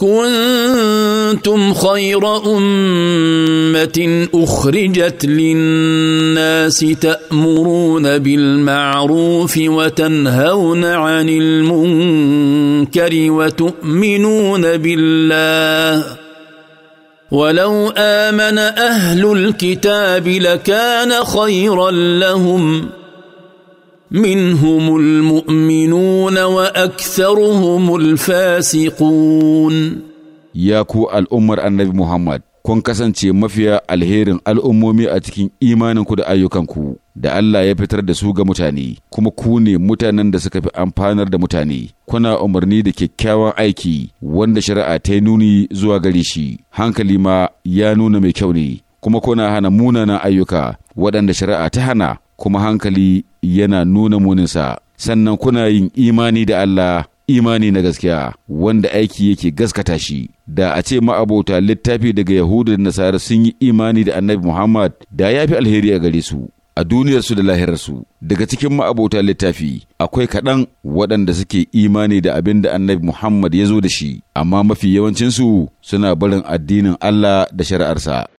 كنتم خير امه اخرجت للناس تامرون بالمعروف وتنهون عن المنكر وتؤمنون بالله ولو امن اهل الكتاب لكان خيرا لهم منهم المؤمنون وأكثرهم الفاسقون ياكو الأمر النبي محمد kun kasance mafiya alherin al'ummomi a cikin imaninku da ayyukanku da Allah ya fitar da su ga mutane, kuma ku ne mutanen da suka fi amfanar da mutane, kuna umarni da kyakkyawan aiki wanda shari'a ta yi nuni zuwa gare shi, hankali ma ya nuna mai kyau ne, kuma kuna hana munanan ayyuka waɗanda shari'a ta hana kuma hankali yana nuna muninsa sannan kuna yin imani da Allah imani na gaskiya wanda aiki yake gaskata shi da a ce ma'abota littafi daga yahudu da nasara sun yi imani da annabi muhammad da ya fi alheri a gare su a duniyarsu da lahirarsu daga cikin ma'abota littafi akwai kaɗan waɗanda suke imani da abin da annabi muhammad ya zo da shi amma mafi yawancinsu suna barin addinin allah da shari'arsa